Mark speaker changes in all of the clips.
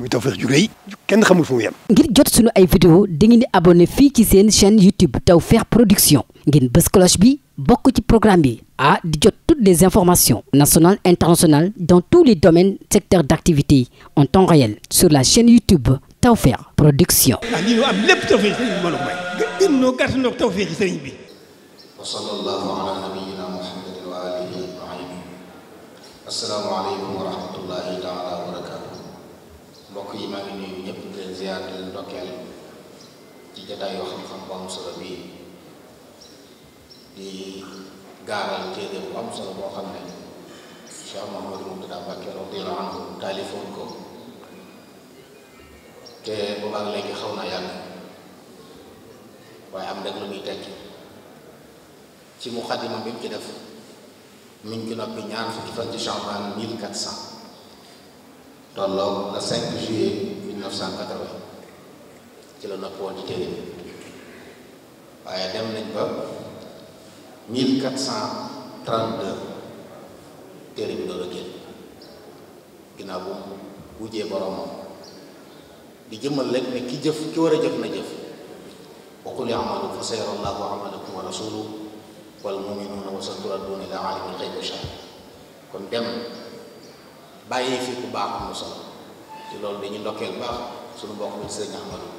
Speaker 1: muy Tawfekh ju rëy kenn xamul fu mu ngir jot sunu ay vidéo dangeen di abonné fii ci seen chaîne YouTube Tawfekh Production ngeen bës bi bokk ci programme bi a di jot toutes les informations nationales internationales dans tous les domaines secteurs d'activité en temps réel sur la chaîne YouTube Tawfekh Production. Ah, mbokk yi maa ngi nuyu di leen ziar di leen xam-xam bu am solo bii di gaaral téere bu am boo xam ne Cheikh Mouhamadou Mourtada Mbacké radiyallahu anhu taalifoon ko te boobaag léegi xaw na yàgg waaye am rek lu muy tekki ci muqaddima bi mu ci def mi noppi ñaar fukki fan ci Sha'ban 1400. tolloog le 5 juillet 1980 ci la nopp woon ci téere waaye dem nañ ba 1432 téere bi doon a génn ginnaaw bu wujjee boroomam di jëmmal rek ne ki jëf ki war a jëf na jëf waqul i'malu fa sayara Allahu amalakum wa rasuluhu wal mu'minuna wa saturadduuna ila aalimil ghaybi wa shahaada kon dem bàyyi fii ku baax solo ci loolu dañuy ndokkeel baax suñu mbokk mi sëñ Ahmadou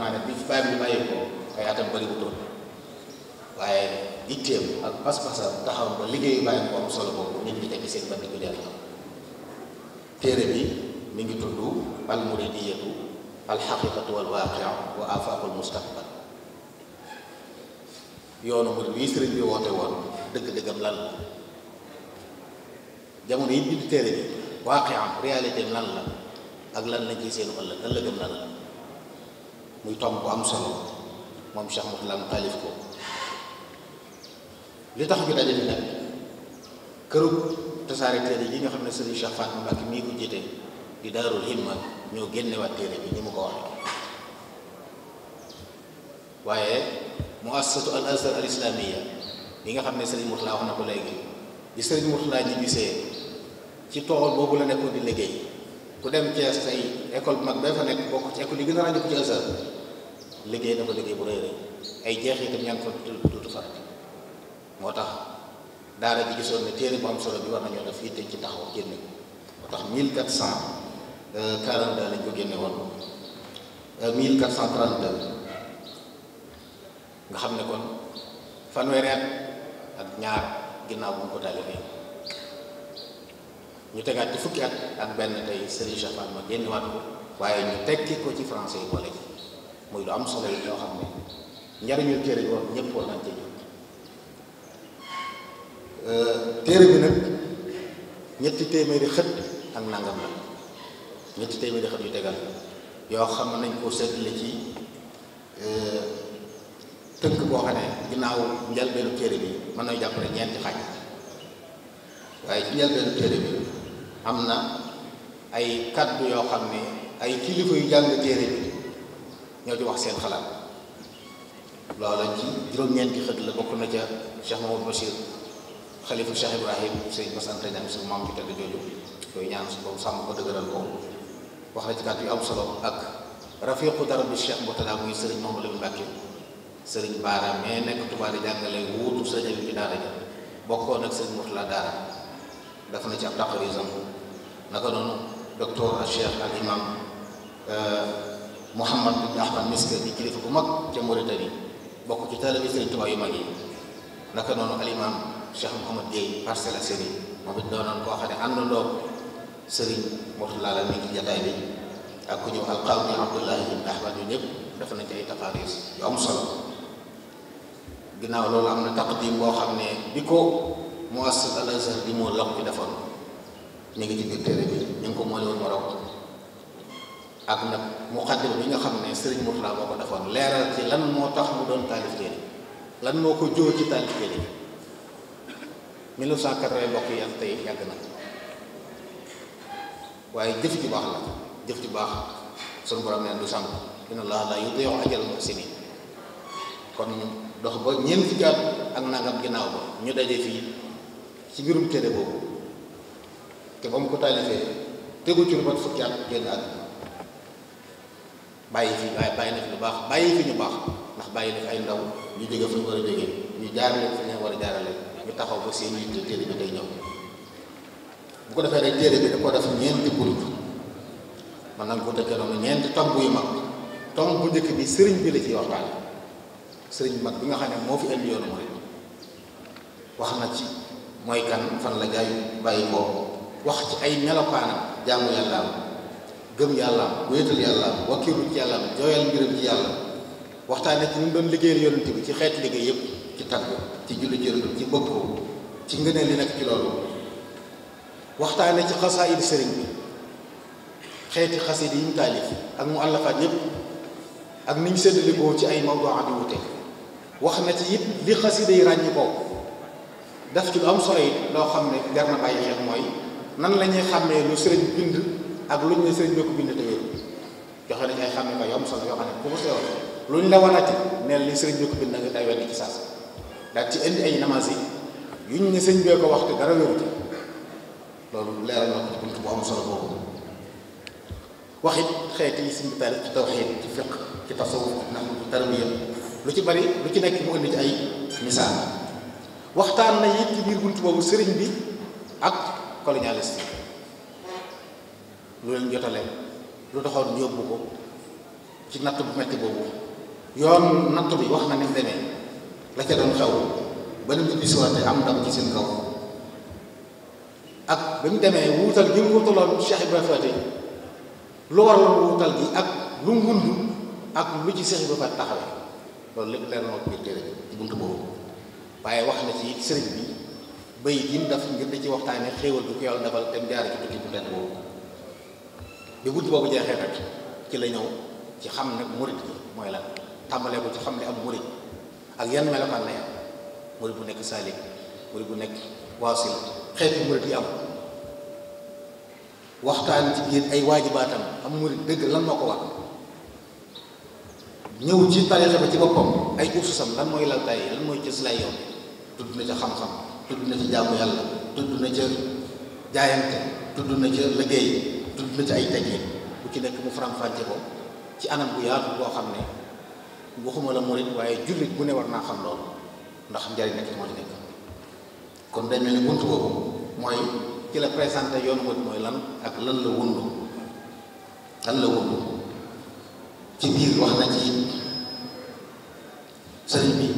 Speaker 1: naa ne bi fi bàyyi bi bàyyi ko ay atam bëri waaye itteem ak pas-pasam taxaw ba liggéeyu bàyyi ko solo boobu nit ñi tekki seen bët di ko téere bi mi ngi tudd al muridiyatu al xaqiqatu wal waaqia wa afaqul mustaqbal yoonu murid wi sëriñ bi woote woon dëgg-dëggam lan jamono yi bind téere bi waaqi am réalité lan la ak lan lañ ci seen ëllëg ëllëgam lan la muy tomb bu am solo moom Cheikh Mouhamed taalif ko li tax ñu daje fi nag këru tasaare téere yi nga xam ne sëriñ Cheikh Fatma Mbacke mii ko jiite di daarul himma ñoo génnewaat téere bi ni mu ko waxee waaye muassasatu al azhar al islamiyya bi nga xam ne sëriñ Mourtala wax na ko léegi di sëriñ Mourtala ñu gisee. ci tool boobu la nekkoon di liggéey ku dem Thiès tey école bu mag ba fa nekk bokk ci école yi gën a ràññeeku ci Azhar liggéey na ko liggéey bu rëy rëy ay jeex itam ña ngi fa duutu farat moo tax daara ji gisoon ne téere bu am solo bi war nañoo def fii te ci taxaw génne ko moo tax 1442 euh, lañ ko génne woon 1432 euh, nga xam ne kon fanweeri ak ñaar ginnaaw bu mu ko taalifee ñu tegaat ci fukki at ak benn tey Serigne Cheikh Fall ma génnewaat ko waaye ñu tekki ko ci français yi boole ci muy lu am solo yi yoo xam ne njariñu téere bi woon ñëpp war nañ ci euh, nag ñetti téeméeri xët ak nangam la ñetti téeméeri xët yu tegal yoo xam nañ ko seetle ci euh, tënk boo xam ne ginnaaw njëlbeenu téere bi mën na jàpp ñeenti xaaj waaye ci njëlbeenu téere bi am na ay kàddu yoo xam ne ay kilifa yu jàng téere bi ñoo ci wax seen xalaat loola ci juróom-ñeenti xët la bokk na ca Cheikh Mamadou Bachir xalifu Cheikh Ibrahim sëñ basante ñam bi tedd jooju yooyu ñaan su boobu sàmm ko dëgëral ko wax na ci kàddu yu am solo ak rafiqu dara bi Cheikh Mourtada muy sëriñ Mamadou Mbacke sëriñ Baara mais nekk Tuubaa di jàngale wuutu sëriñ bi daara ja bokkoon def na ci ab taxawisam naka noonu docteur Cheikh al imam euh, Mouhamad bin Ahmad Miske di kilifa bu mag ca Mauritanie bokk ci taalibe Sëriñ Tuubaa yu yi naka noonu al imam Cheikh Mouhamad Gueye Parcelles Assainies moom it doonoon koo xam ne àndandoo Sëriñ Mourtala la nekk ci jataay bi ak ku ñëw alqaadi Abdullahi bin Ahmad yu ñëpp def nañ ci ay taqaaris yu am solo ginnaaw loolu am na taqdim boo xam ne bi ko muassas Al Azhar di moo lox bi defoon ñu ngi ci téere bi ñu ngi ko moolee woon Maroc ak mu muqaddim bi nga xam ne Serigne Mourtala moo ko defoon leeral ci lan moo tax mu doon taalif téere lan moo ko jóor ci taalif téere bi 1980 mbokk yi waaye jëf ju baax la jëf ju baax sunu borom neen du sànq inna allah la yudii'u ajral muhsinin kon ñu ba ñeent fukki ak nangam ginnaaw ba ñu daje fii ci mbirum téere boobu. te ba mu ko taalifee tegu ci lu mat fukki at bàyyi fi waaye bàyyi na fi lu baax bàyyi fi ñu baax ndax bàyyi na fi ay ndaw ñu jóge fu ñu war a jóge ñu jaarale fi ñu war a ñu taxaw ba seen yitte téere bi day ñëw bu ko defee rek téere bi da ko def ñeenti groupe man nañ ko dëkkee noonu ñeenti tomb yu mag tomb bu njëkk bi sëriñ bi la ciy waxtaan sëriñ mag bi nga xam ne moo fi indi yoonu mooy wax na ci mooy kan fan la jaay bàyyi ko wax ci ay melokaanam jaamu yàllaam gëm yàllaam wéetal yàllaam wakkiilu ci yàllaam jooyal mbiram ci yàlla waxtaane ci ñu doon liggéeyal yonent bi ci xeeti liggéey yëpp ci tagg ci julli jërëjëf ci bëgg ko ci ngëneel li nag ci loolu waxtaane ci xasaayid sëriñ bi xeeti xasida yi mu taalif ak mu àllafaat yëpp ak ni ñu séddalikoo ci ay mawduwaat yu wute wax na ci it li xasida yi ràññi ko daf ci lu am solo it loo xam ne gar na mooy nan la ñuy xàmmee lu sëriñ bind ak lu ñu ne sëriñ bi ko bind te wéeru joxe nañ ay xàmmee ko yom solo yoo xam ne bu ko sewoon lu la wanati neel li sëriñ bi ko bind nga day indi ay namas yu ñu ne sëriñ bee loolu leeral na ko ci bunt yi suñu taarix ci tawxiid ci lu ci bari lu ci nekk mu indi ci waxtaan na it boobu sëriñ bi ak colonialiste lu leen jotale lu taxoon ñu yóbbu ko ci natt bu metti boobu yoon natt bi wax na ni mu demee la ca doon xew ba ni mu bisiwaate am ndam ci seen kaw ak ba mu demee wuutal gi mu wutaloon Cheikh Ibrahima Fati lu waral wuutal gi ak lu mu ak lu ci Cheikh Ibrahima Fati taxawee loolu lépp leer na ko téere ci boobu waaye wax na ci sëriñ bi bay yi mu def ngir di ci waxtaanee xéewal bi ko yàlla defal dem jaar ci tukki bu benn boobu bi bunt boobu jeexee rek ci la ñëw ci xam ne murit gi mooy lan tàmbalee ko ci xam ne am murit ak yan melokaan la yam murit bu nekk saalik murit bu nekk waasil xeeti murit yi am waxtaan ci biir ay waajibaatam am murit dëgg lan moo ko wax ñëw ci tariixa ba ci boppam ay sam lan mooy laltaay lan mooy cëslaay yoon tudd na ca xam-xam tudd na ci jaamu yàlla tudd na ca jaayante tudd na ca liggéey tudd na ci ay teggin bu ci nekk mu faram-fàcce ko ci anam bu yaatu boo xam ne waxuma la murit waaye jullit bu ne war naa xam loolu ndax njariñ nekk moo ci nekk kon dañ mel ni bunt boobu mooy présenté yoonu murit mooy lan ak lan la wundu lan la wundu ci biir wax na ci sëriñ bi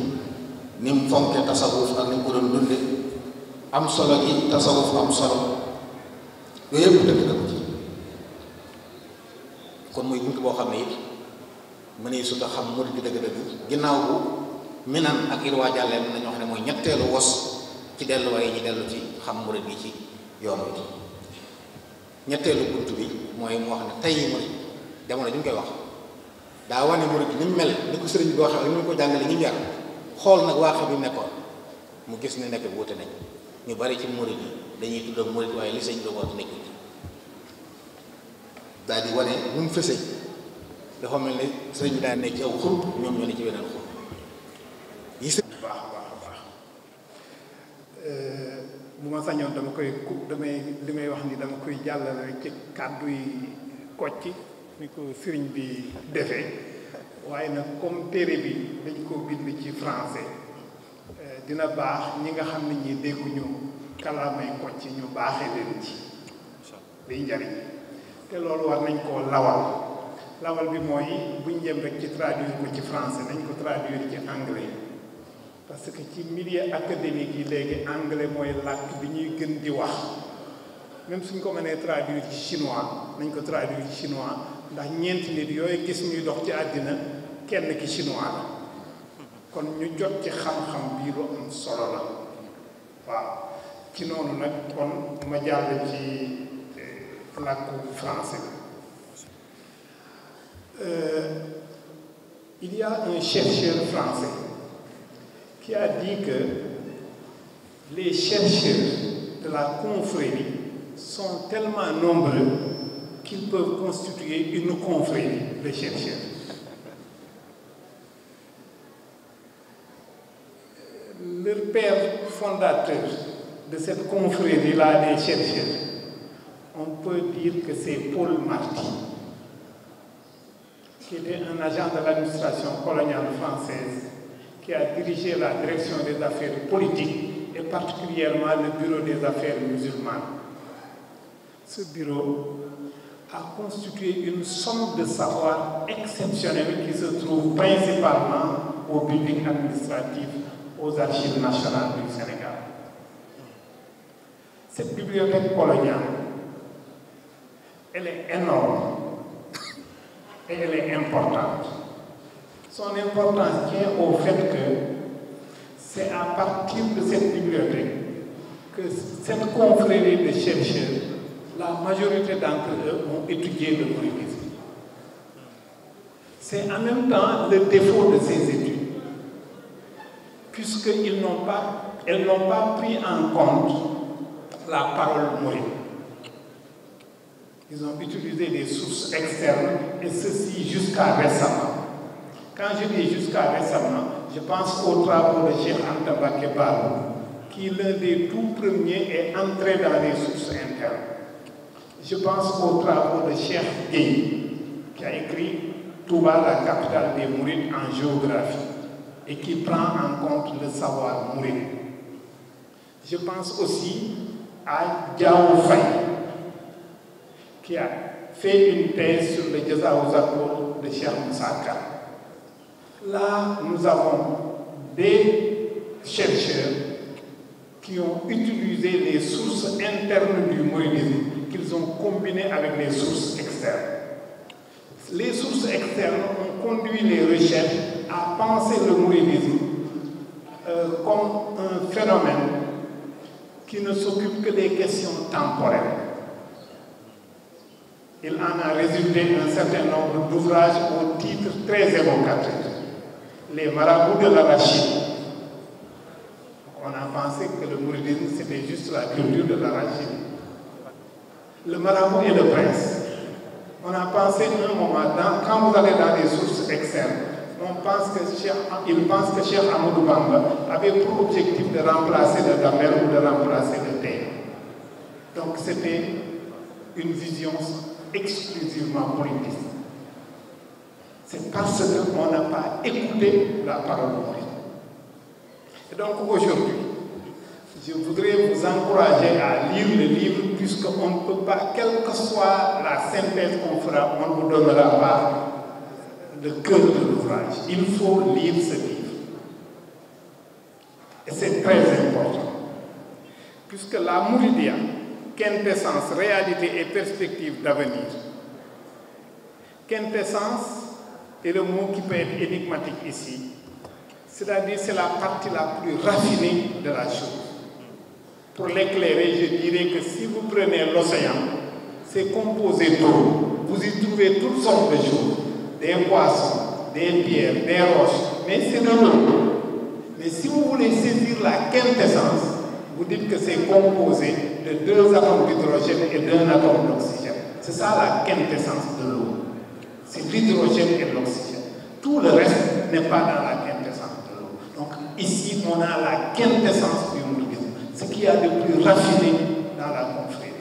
Speaker 1: ni mu fonke tasawuf ak ni mu ko doon dunde am solo gi tasawuf am solo yooyu yëpp dëkk na ko ci kon muy bunt boo xam ne it mën nañu sut a xam murid bi dëgg-dëgg ginnaaw bu minan ak irwaa jàllee mën nañoo ne mooy ñetteelu wos ci delluwaay yi ñu dellu ci xam murid gi ci yoon wi ñetteelu bunt bi mooy mu wax ne tey murid jamono ñu ngi koy wax daa wane murid ni mu mel ni ko sëriñ bi waxee ni mu ko jàngale ñu mu xool nag waa xam bi nekkoon mu gis ne nekk wuute nañ ñu bari ci murit yi dañuy tudd ak murit waaye li sëñ bi wax daal di wane nu mu fësee dafa mel ne sëñ bi daan nekk ci aw xur ñoom ñoo ne ci beneen xur
Speaker 2: yi ma sañoon dama koy ku damay li may wax ni dama koy jàllale rek ci kàddu yi kocci ko sëriñ bi defee waaye nag comme téere bi dañ ko bind ci français dina baax ñi nga xam ne ñi dégguñu kalaamay kocc ñu baaxe leen ci liy njariñ te loolu war nañ koo lawal lawal bi mooy buñ jëm ci traduire ko ci français nañ ko traduire ci anglais parce que ci milieu académique yi léegi anglais mooy làkk bi ñuy gën di wax même suñ ko mënee traduire ci chinois nañ ko traduire ci chinois ndax ñeenti nit yooyu gis ñuy dox ci àddina kenn ki chinois kon ñu jot ci xam-xam bii am solo la waaw ci noonu nag kon ma jàll ci eh, làkku français euh, il y a un chercheur français qui a dit que les chercheurs de la confrérie sont tellement nombreux qu'ils peuvent constituer une confrérie de chercheurs leur père fondateur de cette confrérie-là des chercheurs, on peut dire que c'est Paul Marty, qui était un agent de l'administration coloniale française, qui a dirigé la direction des affaires politiques et particulièrement le bureau des affaires musulmanes. Ce bureau a constitué une somme de savoir exceptionnelle qui se trouve principalement au building administratif aux archives nationales du Sénégal. Cette bibliothèque coloniale, elle est énorme et elle est importante. Son importance tient au fait que c'est à partir de cette bibliothèque que cette confrérie de chercheurs, la majorité d'entre eux ont étudié le bruitisme. C'est en même temps le défaut de ces études puisqu'elles n'ont pas, elles n'ont pas pris en compte la parole morale. Ils ont utilisé des sources externes, et ceci jusqu'à récemment. Quand je dis jusqu'à récemment, je pense aux travaux de Cheikh Anta qui l'un des tout premiers est entré dans les sources internes. Je pense aux travaux de Cheikh Gueye, qui a écrit Touba, la capitale des Mourides en géographie. et qui prend en compte le savoir mouride. Je pense aussi à Diao Faye, qui a fait une thèse sur le Jazaou de Cheikh Moussaka. Là, nous avons des chercheurs qui ont utilisé les sources internes du mouridisme qu'ils ont combinées avec les sources externes. Les sources externes ont conduit les recherches penser le mouridisme euh, comme un phénomène qui ne s'occupe que des questions temporelles. Il en a résulté un certain nombre d'ouvrages au titre Les marabouts de l'arachide. On a pensé que le mouridisme, c'était juste la culture de l'arachide. Le marabout et le prince. On a pensé un moment, dans, quand vous allez dans les sources externes, on pense que Cheikh, il
Speaker 1: pense que Cheikh Amadou Bamba
Speaker 2: avait pour objectif de
Speaker 1: remplacer le damel ou de remplacer le thé. Donc c'était
Speaker 2: une vision exclusivement politiste. C'est parce qu'on n'a pas la parole de Et donc aujourd'hui, je voudrais vous encourager à lire le livre puisqu'on ne peut pas, quelle soit la synthèse qu'on fera, on ne vous donnera pas le cœur de l'ouvrage. Il faut lire ce livre. Et c'est très important. Puisque la Mouridia, quintessence, réalité et perspective d'avenir. Quintessence est le mot qui peut être énigmatique ici. C'est-à-dire c'est la partie la plus raffinée de la chose. Pour l'éclairer, je dirais que si vous prenez l'océan, c'est composé d'eau. Vous y trouvez toutes sortes de choses. des poissons, des pierres, des roches, mais
Speaker 1: c'est Mais si
Speaker 2: vous voulez saisir la quintessence, vous dites que c'est composé de deux atomes d'hydrogène et d'un atome d'oxygène. C'est ça la quintessence de l'eau. C'est l'hydrogène et l'oxygène. Tout le reste n'est pas dans la quintessence de l'eau. Donc ici, on a la quintessence du ce qu'il a de plus raffiné dans la confrérie.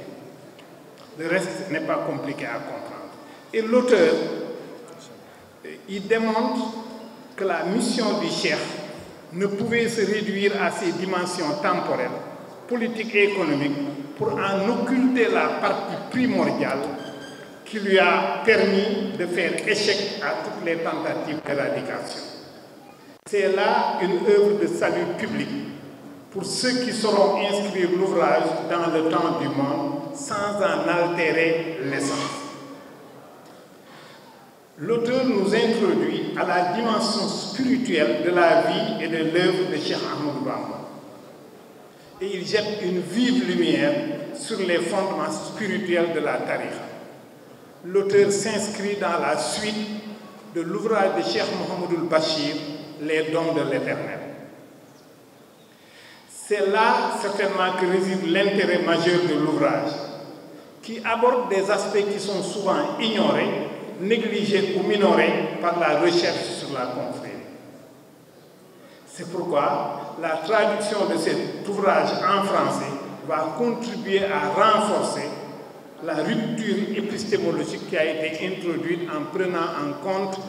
Speaker 2: Le reste n'est pas compliqué à comprendre. Et l'auteur il démontre que la mission du chef ne pouvait se réduire à ses dimensions temporelles, politiques et économiques pour en occulter la partie primordiale qui lui a permis de faire échec à toutes les tentatives d'éradication. C'est là une œuvre de salut public pour ceux qui sauront inscrire l'ouvrage dans le temps du monde sans en altérer l'essence. l'auteur nous introduit à la dimension spirituelle de la vie et de l'œuvre de Cheikh Ahmadou Bamba. Et il jette une vive lumière sur les fondements spirituels de la tariqa. L'auteur s'inscrit dans la suite de l'ouvrage de Cheikh Mohamedoul Bachir, Les dons de l'éternel. C'est là certainement que réside l'intérêt majeur de l'ouvrage, qui aborde des aspects qui sont souvent ignorés négligée ou minorée par la recherche sur la confrérie. C'est pourquoi la traduction de cet ouvrage en français va contribuer à renforcer la rupture épistémologique qui a été introduite en prenant en compte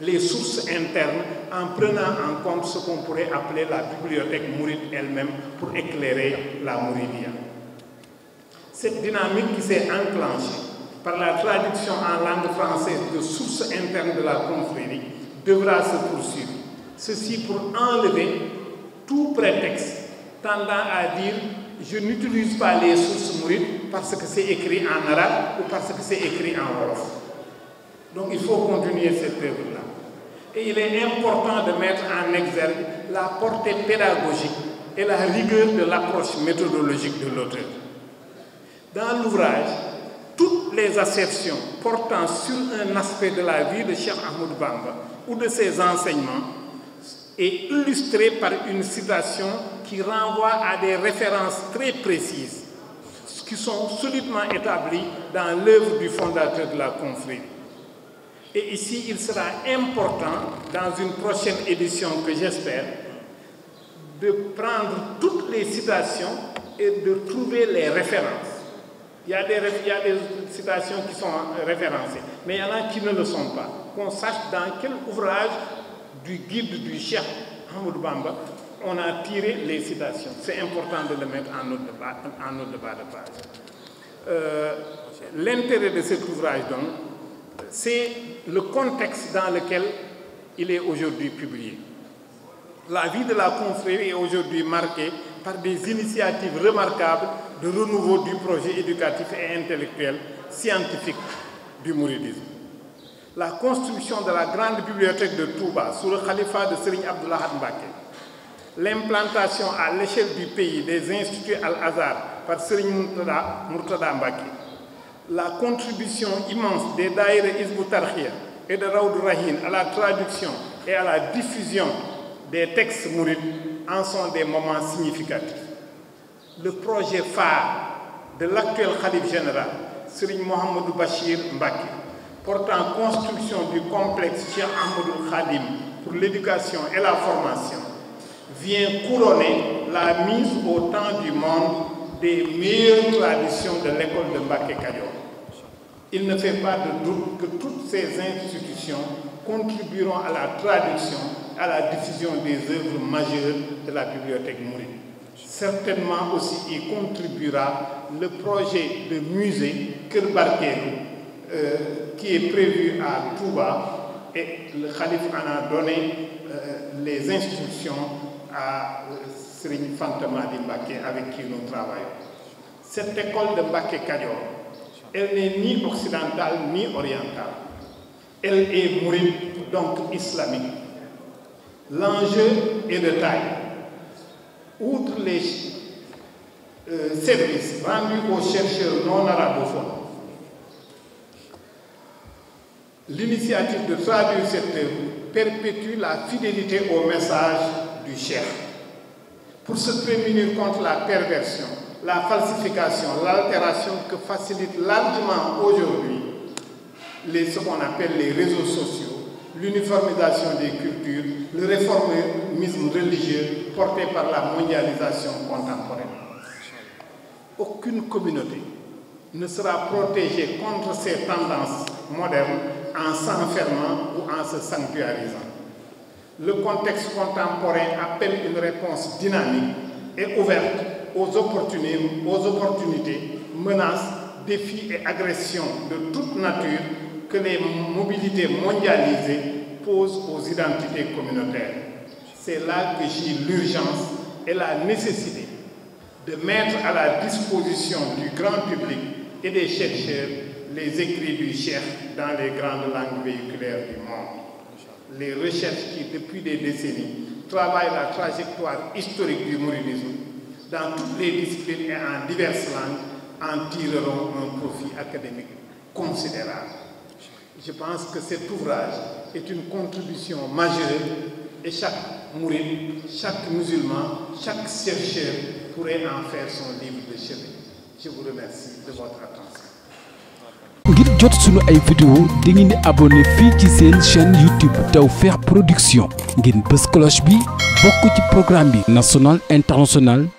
Speaker 2: les sources internes en prenant en compte ce qu'on pourrait appeler la bibliothèque mouride elle-même pour éclairer la mouridia. Cette dynamique qui s'est enclenchée par la traduction en langue française de sources internes de la confrérie devra se poursuivre. Ceci pour enlever tout prétexte tendant à dire je n'utilise pas les sources mourides parce que c'est écrit en arabe ou parce que c'est écrit en wolof. Donc il faut continuer cette œuvre-là. Et il est important de mettre en exergue la portée pédagogique et la rigueur de l'approche méthodologique de l'auteur. Dans l'ouvrage, les assertions portant sur un aspect de la vie de Cheikh Ahmoud Bamba ou de ses enseignements et illustrée par une citation qui renvoie à des références très précises qui sont solidement établies dans l'œuvre du fondateur de la confrérie. Et ici, il sera important, dans une prochaine édition que j'espère, de prendre toutes les citations et de trouver les références Il y a des, il y a des citations qui sont euh, référencées, mais il y en a qui ne le sont pas. Qu'on sache dans quel ouvrage du guide du chef Hamoud Bamba on a tiré les citations. C'est important de le mettre en notre débat, en de page. Euh, L'intérêt de cet ouvrage, c'est le contexte dans lequel il est aujourd'hui publié. La vie de la confrérie est aujourd'hui marquée par des initiatives remarquables de renouveau du projet éducatif et intellectuel scientifique du mouridisme. La construction de la grande bibliothèque de Touba sous le califat de Serigne Abdullah Mbake, l'implantation à l'échelle du pays des instituts Al-Azhar par Serigne Murtada, Murtada Mbake, la contribution immense des Daïra Isbu Tarkhia et de Raoud Rahin à la traduction et à la diffusion des textes mourides en sont des moments significatifs. le projet phare de l'actuel Khalif général, Serigne Mohamedou Bachir Mbaki, portant construction du complexe Cheikh Ahmadou Khadim pour l'éducation et la formation, vient couronner la mise au temps du monde des meilleures traditions de l'école de Mbacké Kadior. Il ne fait pas de doute que toutes ces institutions contribueront à la traduction, à la diffusion des œuvres majeures de la bibliothèque mouride. Certainement aussi y contribuera le projet de musée Kerbarkelu euh, qui est prévu à Touba et le Khalif en a donné euh, les instructions à euh, Serigne Fanta Madi Mbacké avec qui nous travaillons. Cette école de Mbacké Kadior, elle n'est ni occidentale ni orientale. Elle est mouride, donc islamique. L'enjeu est de taille. outre les euh, services rendus aux chercheurs non arabophones, L'initiative de traduire perpétue la fidélité au message du chef. Pour se prémunir contre la perversion, la falsification, l'altération que facilitent largement aujourd'hui les, ce qu'on appelle les réseaux sociaux, l'uniformisation des cultures, le réformisme religieux porté par la mondialisation contemporaine. Aucune communauté ne sera protégée contre ces tendances modernes en s'enfermant ou en se sanctuarisant. Le contexte contemporain appelle une réponse dynamique et ouverte aux opportunités, menaces, défis et agressions de toute nature que les mobilités mondialisées pose aux identités communautaires. C'est là que j'ai l'urgence et la nécessité de mettre à la disposition du grand public et des chercheurs les écrits du chef dans les grandes langues véhiculaires du monde. Les recherches qui, depuis des décennies, travaillent la trajectoire historique du mouridisme dans toutes les disciplines et en diverses langues en tireront un profit académique considérable. Je pense que cet ouvrage est une contribution majeure chaque mouride, chaque musulman, ngir jot sunu ay vidéo di ngeen di abonné fii ci seen chaîne YouTube Tawfekh Production ngeen bës cloche bi bokk ci programme bi national international